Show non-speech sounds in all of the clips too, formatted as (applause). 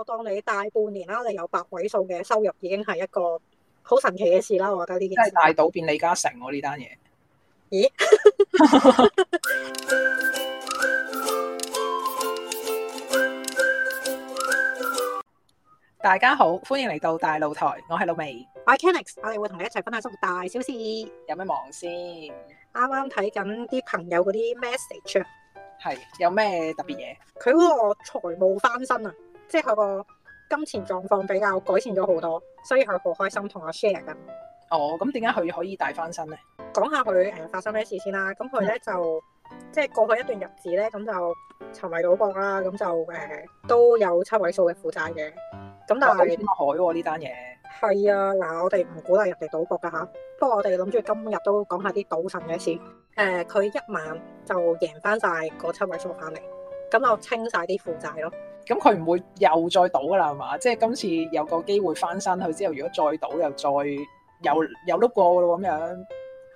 我當你大半年啦，我有百位數嘅收入，已經係一個好神奇嘅事啦。我覺得呢件事真係大賭變李嘉誠喎呢單嘢。咦？ (laughs) (laughs) 大家好，歡迎嚟到大露台，我係露媚，我係 Kenix，我哋會同你一齊分享生活大小事。有咩忙先？啱啱睇緊啲朋友嗰啲 message，係有咩特別嘢？佢嗰個財務翻身啊！即係佢個金錢狀況比較改善咗好多，所以佢好開心同我 share 咁。哦，咁點解佢可以大翻身咧？講下佢誒發生咩事先啦。咁佢咧就即係過去一段日子咧，咁就沉迷賭博啦，咁就誒、呃、都有七位數嘅負債嘅。咁但係入啲乜海呢單嘢？係、哦、啊，嗱、啊，我哋唔鼓勵人哋賭博噶吓，不過我哋諗住今日都講下啲賭神嘅事。誒、呃，佢一晚就贏翻晒嗰七位數翻嚟，咁就清晒啲負債咯。咁佢唔會又再賭噶啦，係嘛？即係今次有個機會翻身，佢之後如果再賭，又再又又碌過咯咁樣，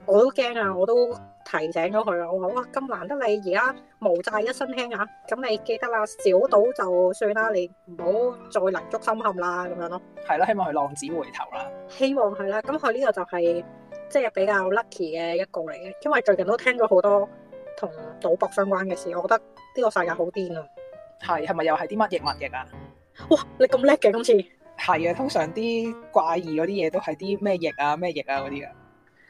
我都驚啊！我都提醒咗佢啊，我話：哇，咁難得你而家無債一身輕啊！咁你記得啦，少賭就算啦，你唔好再難捉心坎泥足深陷啦咁樣咯。係咯，希望佢浪子回頭啦。希望係啦。咁佢呢個就係即係比較 lucky 嘅一個嚟嘅，因為最近都聽咗好多同賭博相關嘅事，我覺得呢個世界好癲啊！係，係咪又係啲乜逆物逆啊？哇，你咁叻嘅今次。係啊，通常啲怪異嗰啲嘢都係啲咩逆啊、咩逆啊嗰啲嘅？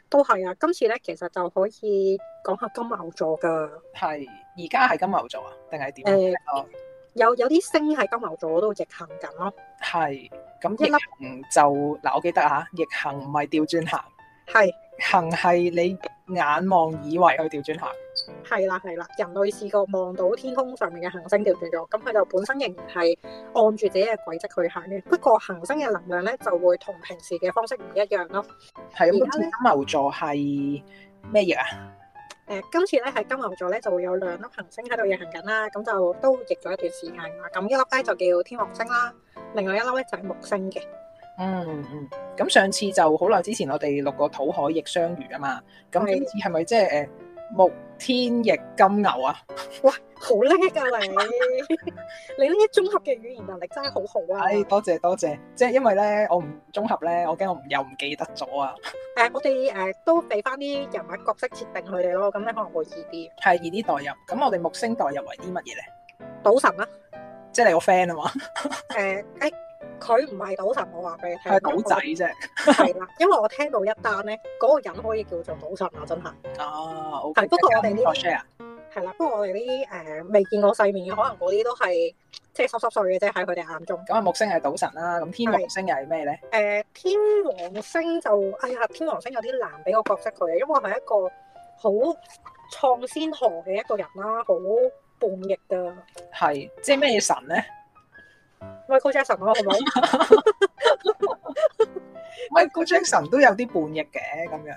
都係啊，今次咧、啊啊啊、其實就可以講下金牛座噶。係，而家係金牛座啊？定係點啊？誒、呃，有有啲星喺金牛座都逆行緊、啊、咯。係，咁一粒就嗱，我記得啊，逆行唔係調轉行。係。行係你眼望以為佢調轉行。係啦係啦，人類試過望到天空上面嘅行星調轉咗，咁佢就本身仍然係按住自己嘅軌跡去行嘅。不過行星嘅能量咧就會同平時嘅方式唔一樣咯。係咁，今次金牛座係咩嘢啊？誒，今次咧係金牛座咧就會有兩粒行星喺度逆行緊啦，咁就都逆咗一段時間。咁一粒咧就叫天王星啦，另外一粒咧就係木星嘅。嗯嗯。咁上次就好耐之前，我哋六個土海逆雙魚啊嘛，咁今次係咪即係誒？木天翼金牛啊！嘩，好叻㗎你！你呢啲綜合嘅語言能力真係好好啊！哎，多謝多謝，即係因為咧，我唔綜合咧，我驚我唔又唔記得咗啊！誒，我哋誒都俾翻啲人物角色設定佢哋咯，咁咧可能會易啲。係易啲代入。咁我哋木星代入為啲乜嘢咧？賭神啊！即係你個 friend 啊嘛？誒，誒。佢唔係賭神，我話俾你聽。係賭仔啫。係啦，因為我聽到一單咧，嗰個人可以叫做賭神啊，真係。哦，okay，係。不過我哋呢個 share 係啦。不過我哋呢啲誒未見過世面嘅，可能嗰啲都係即係濕濕碎嘅啫，喺佢哋眼中。咁啊，木星係賭神啦。咁天王星又係咩咧？誒，天王星就哎呀，天王星有啲難俾個角色佢，因為佢係一個好創先河嘅一個人啦，好叛逆嘅。係，即係咩神咧？ (laughs) Michael Jackson 咯，係 (laughs) 咪 (laughs) ？Michael Jackson 都有啲叛逆嘅，咁樣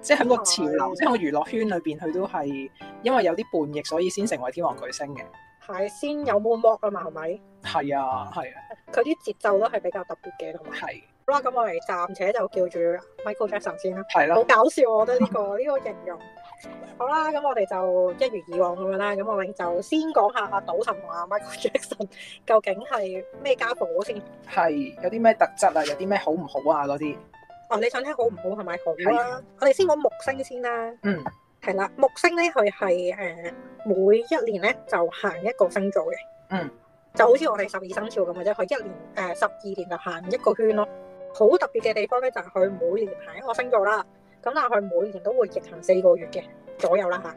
即係喺個潮流，嗯、即係喺個娛樂圈裏邊，佢都係因為有啲叛逆，所以先成為天王巨星嘅。係先有 moonwalk 啊嘛，係咪？係啊，係啊。佢啲節奏都係比較特別嘅，同埋。好啦，咁、啊、我哋暫且就叫住 Michael Jackson 先啦。係咯、啊，好搞笑，我覺得呢個呢 (laughs) 個形容。好啦，咁我哋就一如以往咁樣啦。咁我哋就先講下阿賭神同阿 Michael Jackson 究竟係咩家伙先？係有啲咩特質啊？有啲咩好唔好啊？嗰啲哦，你想聽好唔好係咪好啦。我哋先講木星先啦。嗯，係啦，木星咧，佢係誒每一年咧就行一個星座嘅。嗯，就好似我哋十二生肖咁樣啫，佢一年誒十二年就行一個圈咯。好特別嘅地方咧就係佢每年行一個星座啦。咁但係佢每年都會逆行四個月嘅左右啦吓。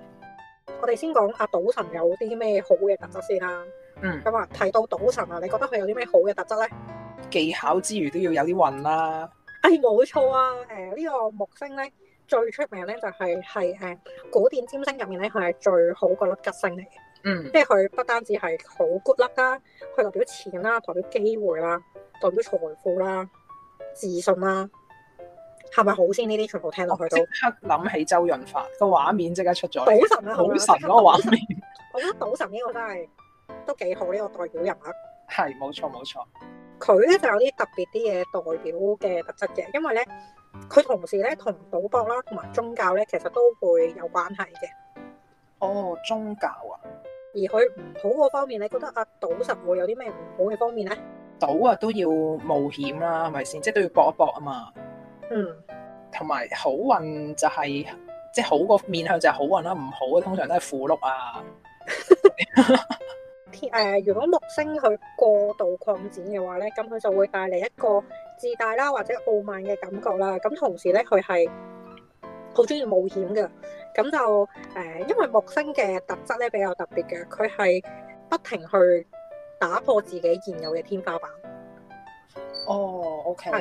我哋先講阿賭神有啲咩好嘅特質先啦。嗯。咁啊，提到賭神啊，你覺得佢有啲咩好嘅特質咧？技巧之餘都要有啲運啦。誒、哎，冇錯啊。誒、呃，呢、這個木星咧最出名咧就係係誒古典占星入面咧，佢係最好個粒吉星嚟嘅。嗯。即係佢不單止係好 good 粒啦，佢代表錢啦、啊，代表機會啦、啊，代表財富啦、啊，自信啦、啊。係咪好先？呢啲全部聽落去即刻諗起周潤發個畫面，即刻出咗賭神啊，好啦，賭神嗰個畫面。賭啊賭啊、賭賭 (laughs) 我覺得賭神呢個真係都幾好呢個代表人物。係冇錯冇錯，佢咧就有啲特別啲嘢代表嘅特質嘅，因為咧佢同時咧同賭博啦、啊，同埋宗教咧，其實都會有關係嘅。哦，宗教啊！而佢唔好個方面，你覺得阿、啊、賭神會有啲咩唔好嘅方面咧？賭啊都要冒險啦、啊，係咪先？即係都要搏一搏啊嘛。嗯，同埋好運就係即係好個面向就係好運啦，唔好嘅通常都係符碌啊。天誒，如果木星去過度擴展嘅話咧，咁佢就會帶嚟一個自大啦或者傲慢嘅感覺啦。咁同時咧，佢係好中意冒險嘅。咁就誒，因為木星嘅特質咧比較特別嘅，佢係不停去打破自己現有嘅天花板。哦，OK。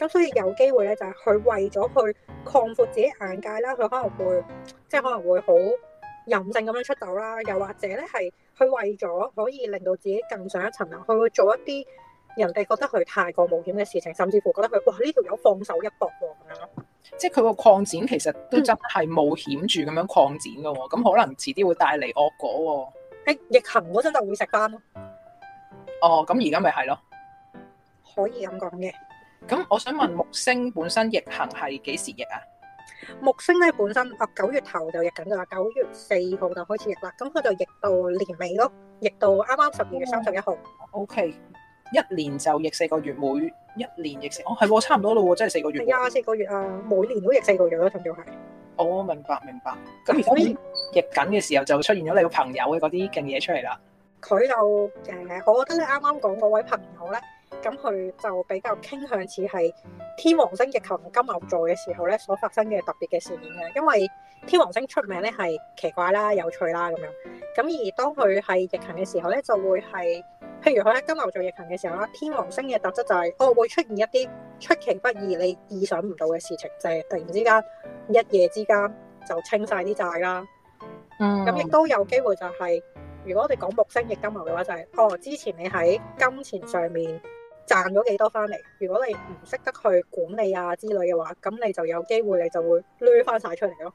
咁所以有機會咧，就係佢為咗去擴闊自己眼界啦，佢可能會即係可能會好任性咁樣出走啦，又或者咧係佢為咗可以令到自己更上一層樓，佢會做一啲人哋覺得佢太過冒險嘅事情，甚至乎覺得佢哇呢條友放手一搏咁樣。即係佢個擴展其實都真係冒險住咁樣擴展嘅喎，咁、嗯、可能遲啲會帶嚟惡果喎。喺逆行嗰陣就會食翻咯。哦，咁而家咪係咯，可以咁講嘅。咁我想問木星本身逆行係幾時逆啊？木星咧本身啊九月頭就逆緊噶啦，九月四號就開始逆啦，咁佢就逆到年尾咯，逆到啱啱十二月三十一號。O、oh, K，、okay. 一年就逆四個月，每一年逆四，哦係喎，差唔多咯，真係四個月。係啊，四個月啊，每年都逆四個月咯、啊，仲要係。哦明白明白，咁而家逆緊嘅時候就出現咗你個朋友嘅嗰啲勁嘢出嚟啦。佢就誒、呃，我覺得你啱啱講嗰位朋友咧。咁佢就比較傾向似係天王星逆行金牛座嘅時候咧，所發生嘅特別嘅事件嘅，因為天王星出名咧係奇怪啦、有趣啦咁樣。咁而當佢係逆行嘅時候咧，就會係譬如佢喺金牛座逆行嘅時候啦，天王星嘅特質就係、是、哦會出現一啲出其不意、你意想唔到嘅事情，就係、是、突然之間一夜之間就清晒啲債啦。嗯。咁亦都有機會就係、是，如果我哋講木星逆金牛嘅話、就是，就係哦之前你喺金錢上面。賺咗幾多翻嚟？如果你唔識得去管理啊之類嘅話，咁你就有機會，你就會攞翻晒出嚟咯。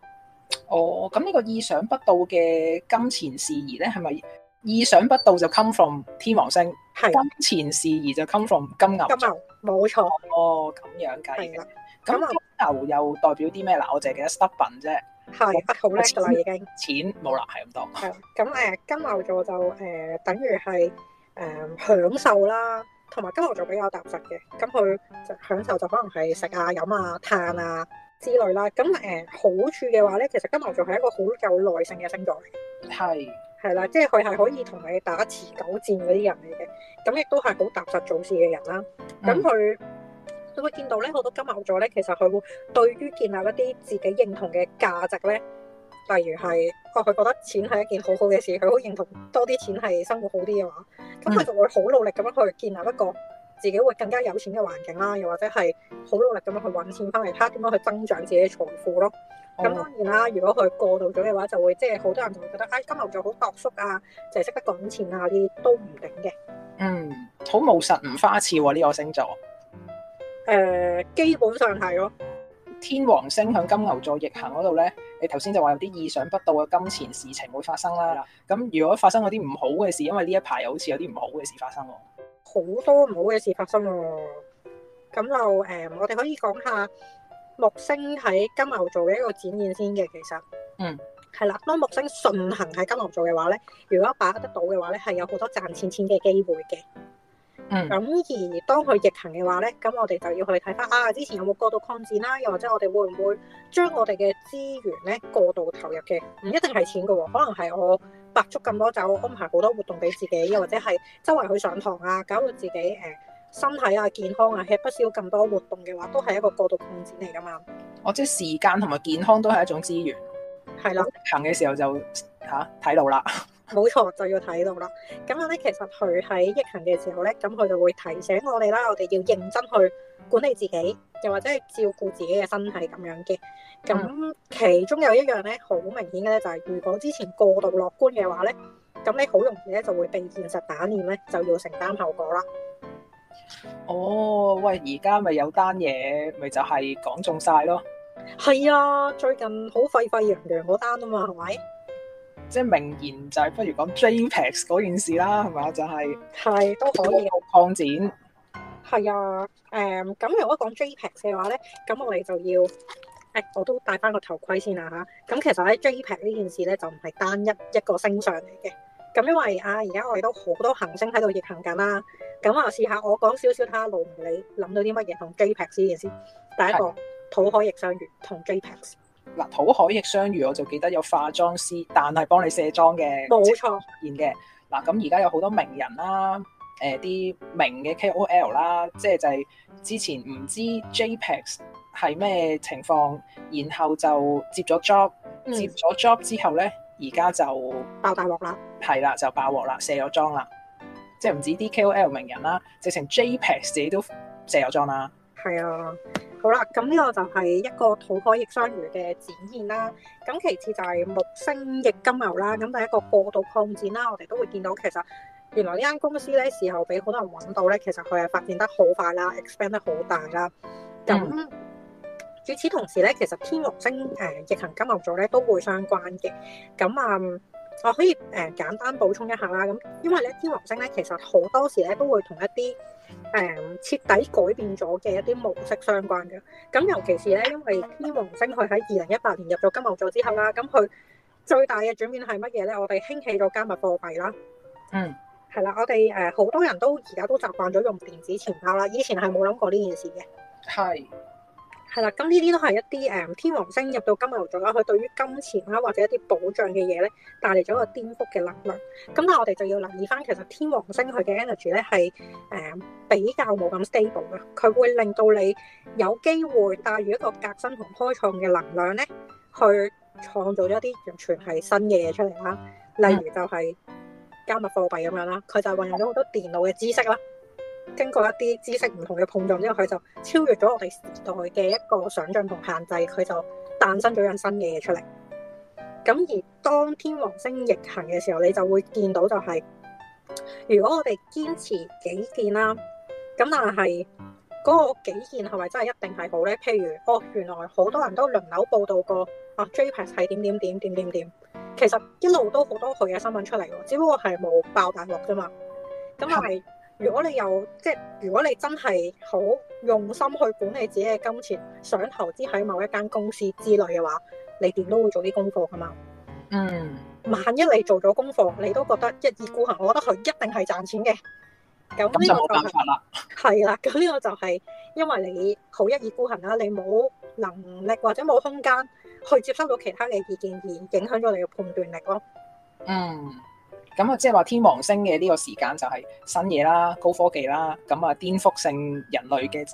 哦，咁呢個意想不到嘅金錢事宜呢，係咪意想不到就 come from 天王星？金錢事宜就 come from 金牛座。金牛，冇錯。哦，咁樣計嘅。咁金，金牛又代表啲咩？嗱，我淨係記得 stubborn 啫，好叻咯已經。錢冇喇係咁多。係，咁誒金牛座就誒、呃、等於係、呃、享受啦。同埋金牛座比較踏實嘅，咁佢就享受就可能係食啊、飲啊、嘆啊之類啦。咁誒、呃、好處嘅話咧，其實金牛座係一個好有耐性嘅星座，係係啦，即係佢係可以同你打持久戰嗰啲人嚟嘅。咁亦都係好踏實做事嘅人啦。咁佢佢會見到咧，好多金牛座咧，其實佢會對於建立一啲自己認同嘅價值咧，例如係。佢覺得錢係一件好好嘅事，佢好認同多啲錢係生活好啲嘅話，咁佢就會好努力咁樣去建立一個自己會更加有錢嘅環境啦，又或者係好努力咁樣去揾錢翻嚟，睇下點樣去增長自己嘅財富咯。咁、哦、當然啦、啊，如果佢過度咗嘅話，就會即係好多人就會覺得唉、哎，金牛座好惰縮啊，就係、是、識得講錢啊啲都唔頂嘅。嗯，好務實唔花俏喎呢個星座。誒、呃，基本上係咯。天王星響金牛座逆行嗰度呢。你頭先就話有啲意想不到嘅金錢事情會發生啦。咁如果發生嗰啲唔好嘅事，因為呢一排又好似有啲唔好嘅事發生喎。好多唔好嘅事發生喎。咁就誒、嗯，我哋可以講下木星喺金牛座嘅一個展現先嘅。其實，嗯，係啦，當木星順行喺金牛座嘅話呢，如果把握得到嘅話呢，係有好多賺錢錢嘅機會嘅。咁、嗯、而當佢逆行嘅話咧，咁我哋就要去睇翻啊，之前有冇過度擴展啦、啊，又或者我哋會唔會將我哋嘅資源咧過度投入嘅。唔一定係錢嘅喎，可能係我白足咁多就安排好多活動俾自己，又或者係周圍去上堂啊，搞到自己誒、呃、身體啊健康啊吃不少咁多活動嘅話，都係一個過度擴展嚟噶嘛。我知係時間同埋健康都係一種資源。係啦，逆行嘅時候就嚇睇、啊、路啦。冇錯，就要睇到啦。咁樣咧，其實佢喺逆行嘅時候咧，咁佢就會提醒我哋啦，我哋要認真去管理自己，又或者係照顧自己嘅身體咁樣嘅。咁、嗯、其中有一樣咧，好明顯嘅咧、就係，就係如果之前過度樂觀嘅話咧，咁你好容易咧就會被現實打臉咧，就要承擔後果啦。哦，喂，而家咪有單嘢，咪就係、係、講中晒咯。係啊，最近好沸沸揚揚嗰單啊嘛，係咪？即係名言就係不如講 JPEX 嗰件事啦，係咪就係係都可以擴展，係啊，誒、嗯、咁如果講 JPEX 嘅話咧，咁我哋就要誒、哎、我都戴翻個頭盔先啦吓。咁、啊、其實喺 JPEX 呢件事咧就唔係單一一個星相嚟嘅。咁因為啊而家我哋都好多行星喺度逆行緊啦。咁我試下我講少少他路，你諗到啲乜嘢同 JPEX 呢件事？第一個土海逆相遇同 JPEX。嗱，土海亦相遇，我就記得有化妝師，但係幫你卸妝嘅，冇錯。現嘅嗱，咁而家有好多名人啦，誒、呃、啲名嘅 KOL 啦，即係就係之前唔知 JPEX 係咩情況，然後就接咗 job、嗯、接咗 job 之後咧，而家就爆大鑊啦。係啦，就爆鑊啦，卸咗妝啦。即係唔止啲 KOL 名人啦，直情 JPEX 自己都卸咗妝啦。係、嗯、啊。好啦，咁呢個就係一個土海逆雙魚嘅展現啦。咁其次就係木星逆金牛啦，咁第一個過度擴張啦。我哋都會見到，其實原來呢間公司咧，時候俾好多人揾到咧，其實佢係發展得好快啦，expand 得好大啦。咁與、嗯、此同時咧，其實天王星誒、嗯、逆行金牛座咧都會相關嘅。咁啊、嗯，我可以誒、嗯、簡單補充一下啦。咁因為咧，天王星咧，其實好多時咧都會同一啲。誒、嗯，徹底改變咗嘅一啲模式相關嘅，咁尤其是咧，因為天王星佢喺二零一八年入咗金牛座之後啦，咁佢最大嘅轉變係乜嘢咧？我哋興起咗加密貨幣啦，嗯，係啦，我哋誒好多人都而家都習慣咗用電子錢包啦，以前係冇諗過呢件事嘅，係。係啦，咁呢啲都係一啲誒、嗯、天王星入到金牛座啦，佢對於金錢啦、啊、或者一啲保障嘅嘢咧，帶嚟咗一個顛覆嘅能量。咁但係我哋就要留意翻，其實天王星佢嘅 energy 咧係誒比較冇咁 stable 嘅，佢會令到你有機會帶住一個革新同開創嘅能量咧，去創造咗一啲完全係新嘅嘢出嚟啦。例如就係加密貨幣咁樣啦，佢就運用咗好多電腦嘅知識啦。經過一啲知識唔同嘅碰撞之後，佢就超越咗我哋時代嘅一個想像同限制，佢就誕生咗樣新嘅嘢出嚟。咁而當天王星逆行嘅時候，你就會見到就係、是，如果我哋堅持己見啦，咁但係嗰個己見係咪真係一定係好咧？譬如哦，原來好多人都輪流報道過啊，JPEX 係點點點點點點，其實一路都好多佢嘅新聞出嚟喎，只不過係冇爆大鑊啫嘛。咁但係。 (laughs) 如果你又即係如果你真係好用心去管理自己嘅金錢，想投資喺某一間公司之類嘅話，你點都會做啲功課噶嘛。嗯。萬一你做咗功課，你都覺得一意孤行，我覺得佢一定係賺錢嘅。咁就冇辦法啦。係啦，咁呢個就係因為你好一意孤行啦，你冇能力或者冇空間去接收到其他嘅意見而影響咗你嘅判斷力咯。嗯。咁、嗯、啊，即係話天王星嘅呢個時間就係新嘢啦，高科技啦，咁啊顛覆性人類嘅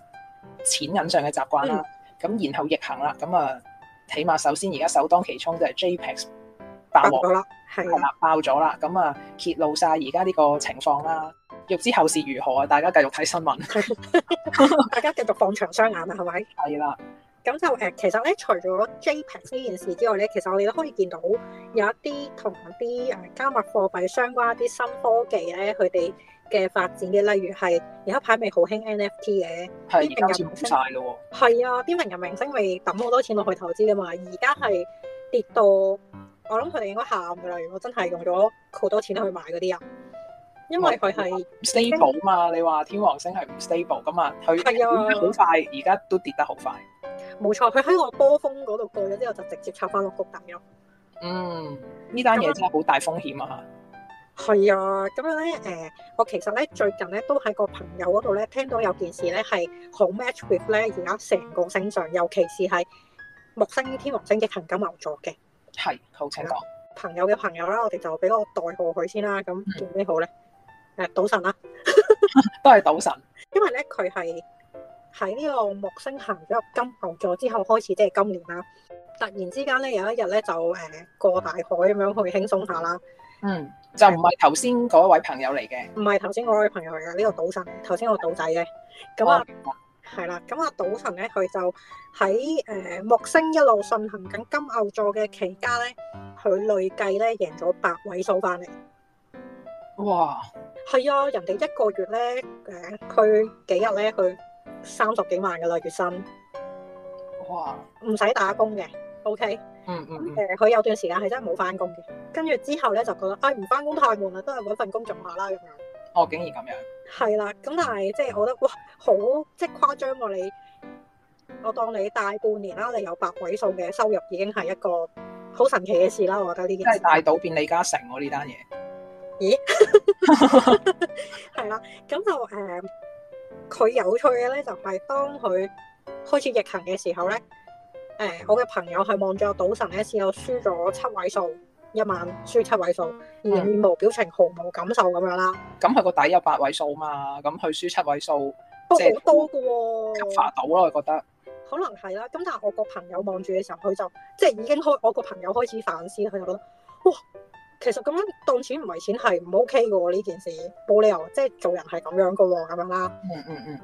錢銀上嘅習慣啦，咁、嗯、然後逆行啦，咁、嗯、啊起碼首先而家首當其衝就係 JPEX 爆咗啦，係啦，爆咗啦，咁啊、嗯嗯、揭露晒而家呢個情況啦，欲知後事如何啊，大家繼續睇新聞， (laughs) (laughs) 大家繼續放長雙眼啊，係 (laughs) 咪？係啦。咁就誒，其實咧，除咗 JPEX 呢件事之外咧，其實我哋都可以見到有一啲同啲誒加密貨幣相關一啲新科技咧，佢哋嘅發展嘅，例如係有一排咪好興 N.F.T. 嘅，係而家跌冇曬咯喎，係啊，啲名人明星咪抌好多錢落去投資噶嘛，而家係跌到我諗佢哋應該喊噶啦。如果真係用咗好多錢去買嗰啲人，因為佢係 stable 啊嘛。你話天王星係唔 stable 噶嘛？佢係啊，好快而家都跌得好快。冇錯，佢喺個波峰嗰度過咗之後，就直接插翻落谷底咯。嗯，呢單嘢真係好大風險啊！嚇，係啊，咁咧誒，我其實咧最近咧都喺個朋友嗰度咧聽到有件事咧係好 match with 咧而家成個星象，尤其是係木星、天王星逆行金牛座嘅。係，好請講、啊、朋友嘅朋友啦、啊，我哋就俾個代號佢先啦。咁叫咩好咧？誒、 (laughs) 啊，賭神啦、啊， (laughs) 都係賭神，因為咧佢係。喺呢個木星行咗入金牛座之後開始，即係今年啦。突然之間咧，有一日咧就誒過大海咁樣去輕鬆下啦。嗯，就唔係頭先嗰位朋友嚟嘅。唔係頭先嗰位朋友嚟嘅，呢個賭神。頭先個賭仔咧。咁啊，係啦。咁啊，賭神咧，佢就喺誒木星一路順行緊金牛座嘅期間咧，佢累計咧贏咗八位數翻嚟。哇！係啊，人哋一個月咧，誒，佢幾日咧佢。三十幾萬嘅累月薪，哇！唔使打工嘅，OK 嗯。嗯嗯。誒、呃，佢有段時間係真係冇返工嘅，跟住之後咧就覺得，唉、哎，唔返工太悶啦，都係搵份工做下啦咁樣。哦，竟然咁樣。係啦，咁但係即係我覺得，哇，好即係誇張喎！你，我當你大半年啦，你有百位數嘅收入，已經係一個好神奇嘅事啦。我覺得呢件事。即係大賭變李嘉誠喎呢單嘢。咦？係 (laughs) 啦， (laughs) 咁就誒。Um, 佢有趣嘅咧，就係、是、當佢開始逆行嘅時候咧，誒、欸，我嘅朋友係望住個賭神咧，先有輸咗七位數，一晚輸七位數，嗯、而面無表情，毫無感受咁樣啦。咁佢個底有八位數嘛，咁佢輸七位數，都、哦、好、就是、多噶喎、哦。發抖我覺得，得、啊。可能係啦，咁但係我個朋友望住嘅時候，佢就即係已經開，我個朋友開始反思，佢就覺得，哇！其實咁樣當錢唔係錢係唔 OK 嘅喎，呢件事冇理由即係做人係咁樣嘅喎，咁樣啦、mm -hmm.。嗯嗯嗯。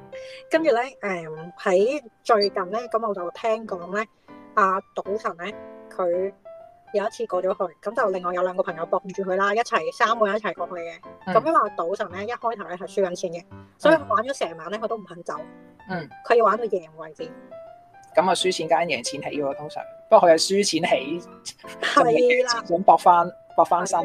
跟住咧，誒喺最近咧，咁我就聽講咧，阿、啊、賭神咧佢有一次過咗去，咁就另外有兩個朋友博住佢啦，一齊三個人一齊過去嘅。咁、mm -hmm. 因為賭神咧，一開頭咧係輸緊錢嘅，所以玩咗成晚咧，佢都唔肯走。嗯。佢要玩到贏為止。咁啊，輸錢加贏錢起喎，通常。不過佢係輸錢起，想博翻。搏翻身，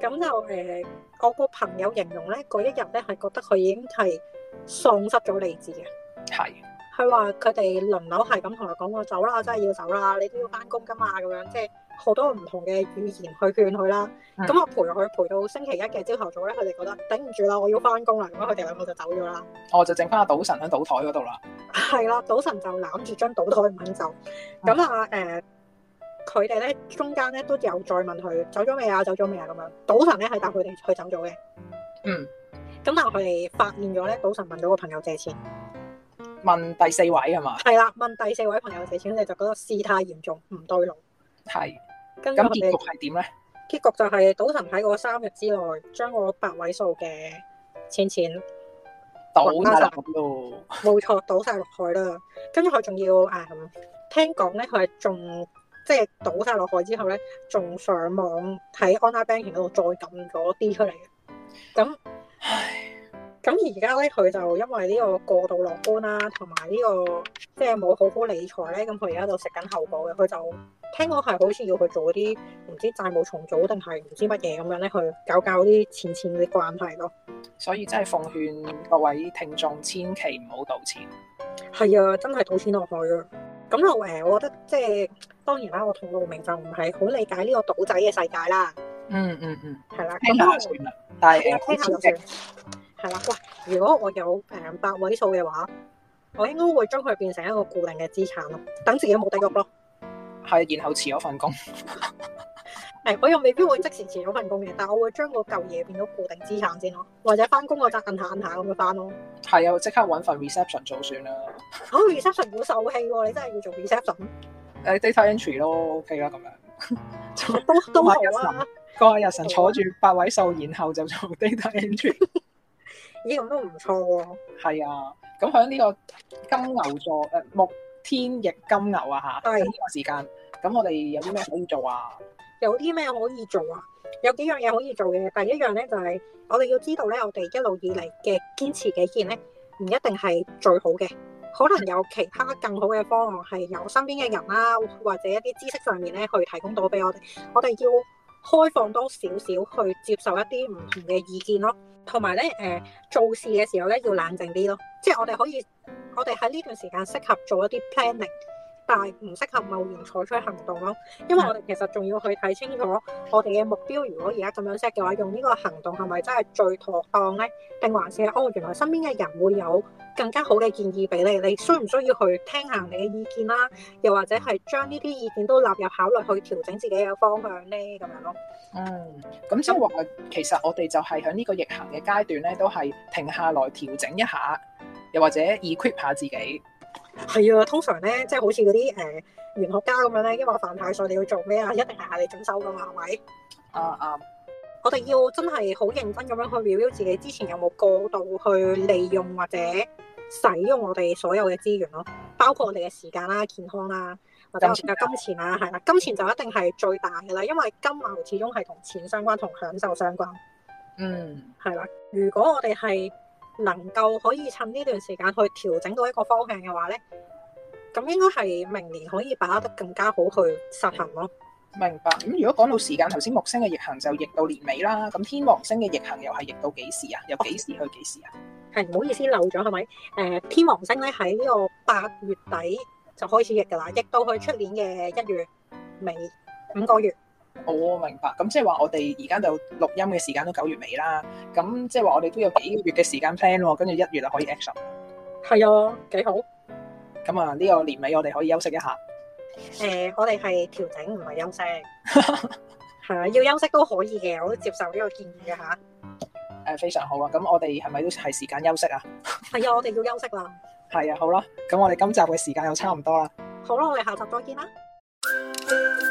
咁就誒，我個朋友形容咧，嗰一日咧係覺得佢已經係喪失咗理智嘅。係，佢話佢哋輪流係咁同佢講：我走啦，我真係要走啦，你都要翻工噶嘛咁樣，即係好多唔同嘅語言去勸佢啦。咁我陪佢陪到星期一嘅朝頭早咧，佢哋覺得頂唔住啦，我要翻工啦，咁佢哋兩個就走咗啦。哦，就剩翻阿賭神喺賭台嗰度啦。係啦，賭神就攬住張賭台唔肯走。咁啊誒。佢哋咧中間咧都有再問佢走咗未啊？走咗未啊？咁樣，賭神咧係帶佢哋去走咗嘅。嗯，咁但係佢哋發現咗咧，賭神問到個朋友借錢，問第四位吖嘛係啦？問第四位朋友借錢，你就覺得事態嚴重，唔對路係。咁結局係點咧？結局就係賭神喺嗰三日之內將個八位數嘅錢錢，錢倒曬咁咯，冇錯倒曬落去啦。跟住佢仲要誒、嗯，聽講咧佢係仲。即係倒晒落海之後咧，仲上網喺 Online Banking 度再撳咗啲出嚟嘅。咁，唉，咁而家咧佢就因為呢個過度樂觀啦，同埋呢個即係冇好好理財咧，咁佢而家就食緊後果嘅。佢就聽講係好似要佢做啲唔知債務重組定係唔知乜嘢咁樣咧，去搞搞啲錢錢嘅關係咯。所以真係奉勸各位聽眾千祈唔好賭錢。係啊，真係賭錢落海啊！咁啊誒，我覺得即係當然啦。我同露媚就唔係好理解呢個賭仔嘅世界啦。嗯嗯嗯，係、嗯、啦。聽下就算啦，但聽下就算。係、嗯、啦，喂！如果我有誒、呃、百位數嘅話，我應該會將佢變成一個固定嘅資產咯，等自己冇得郁咯。係，然後辭咗份工。 (laughs) 誒、哎，我又未必會即時辭咗份工嘅，但我會將個舊嘢變到固定資產先咯，或者翻工我就硬下下咁樣翻咯。係啊，即刻搵份 reception 做算啦。哦，reception 好受氣喎、哦，你真係要做 reception？誒、uh，data entry 咯，OK 啦，咁樣 (laughs) 都都好啊。個阿日，日神坐住八位數，啊，然後就做 data entry，咦，咁都唔錯喎。係啊，咁喺呢個金牛座誒，木天逆金牛啊，吓都係呢個時間，咁我哋有啲咩可以做啊？有啲咩可以做啊？有幾樣嘢，可以做嘅。第一樣咧就係、是，、我哋要知道咧，我哋一路以嚟嘅堅持己見咧，唔一定係最好嘅。可能有其他更好嘅方案係由身邊嘅人啦，啊，或者一啲知識上面咧，去提供到俾我哋。我哋要開放多少少去接受一啲唔同嘅意見咯。同埋咧，誒、呃，做事嘅時候咧要冷靜啲咯。即係我哋可以，我哋喺呢段時間適合做一啲 planning。但係唔適合貿然採取行動咯，因為我哋其實仲要去睇清楚我哋嘅目標。如果而家咁樣 set 嘅話，用呢個行動係咪真係最妥當呢？定還是哦，原來身邊嘅人會有更加好嘅建議俾你，你需唔需要去聽下你嘅意見啦？又或者係將呢啲意見都納入考慮去調整自己嘅方向呢？咁樣咯。嗯，咁生活其實我哋就係喺呢個逆行嘅階段咧，都係停下來調整一下，又或者 equip 下自己。係啊，通常咧，即係好似嗰啲誒，玄、呃、學家咁樣咧，因為犯太歲，你要做咩啊？一定係係你遵守噶嘛，係咪？誒誒，我哋要真係好認真咁樣去 review 自己之前有冇過度去利用或者使用我哋所有嘅資源咯，包括我哋嘅時間啦、啊、健康啦、啊，或者我哋嘅金錢啦、啊，係啦、啊，金錢就一定係最大噶啦，因為金牛始終係同錢相關，同享受相關。嗯，係啦。如果我哋係。能夠可以趁呢段時間去調整到一個方向嘅話呢，咁應該係明年可以把握得更加好去實行咯。明白。咁如果講到時間，頭先木星嘅逆行就逆到年尾啦，咁天王星嘅逆行又係逆到幾時啊？又幾時去幾時啊？係、哦、唔好意思漏咗係咪？誒、呃，天王星呢喺呢個八月底就開始逆㗎啦，逆到去出年嘅一月尾，五個月。我、哦、明白，咁即係話我哋而家就錄音嘅時間都九月尾啦，咁即係話我哋都有幾個月嘅時間 plan，跟住一月就可以 action。係啊，幾好。咁啊，呢個年尾我哋可以休息一下。誒、呃，我哋係調整，唔係休息。係 (laughs) 啊，要休息都可以嘅，我都接受呢個建議嘅吓。誒、啊呃，非常好啊，咁我哋係咪都係時間休息啊？係 (laughs) 啊，我哋要休息啦。係啊，好啦，咁我哋今集嘅時間又差唔多啦。好啦，我哋下集再見啦。